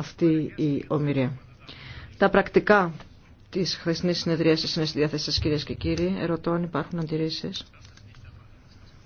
αυτή η ομοιρία. Τα πρακτικά της χθεσινής συνεδρίασης είναι στη διάθεση σας κυρίες και κύριοι. Ερωτών υπάρχουν αντιρρήσεις.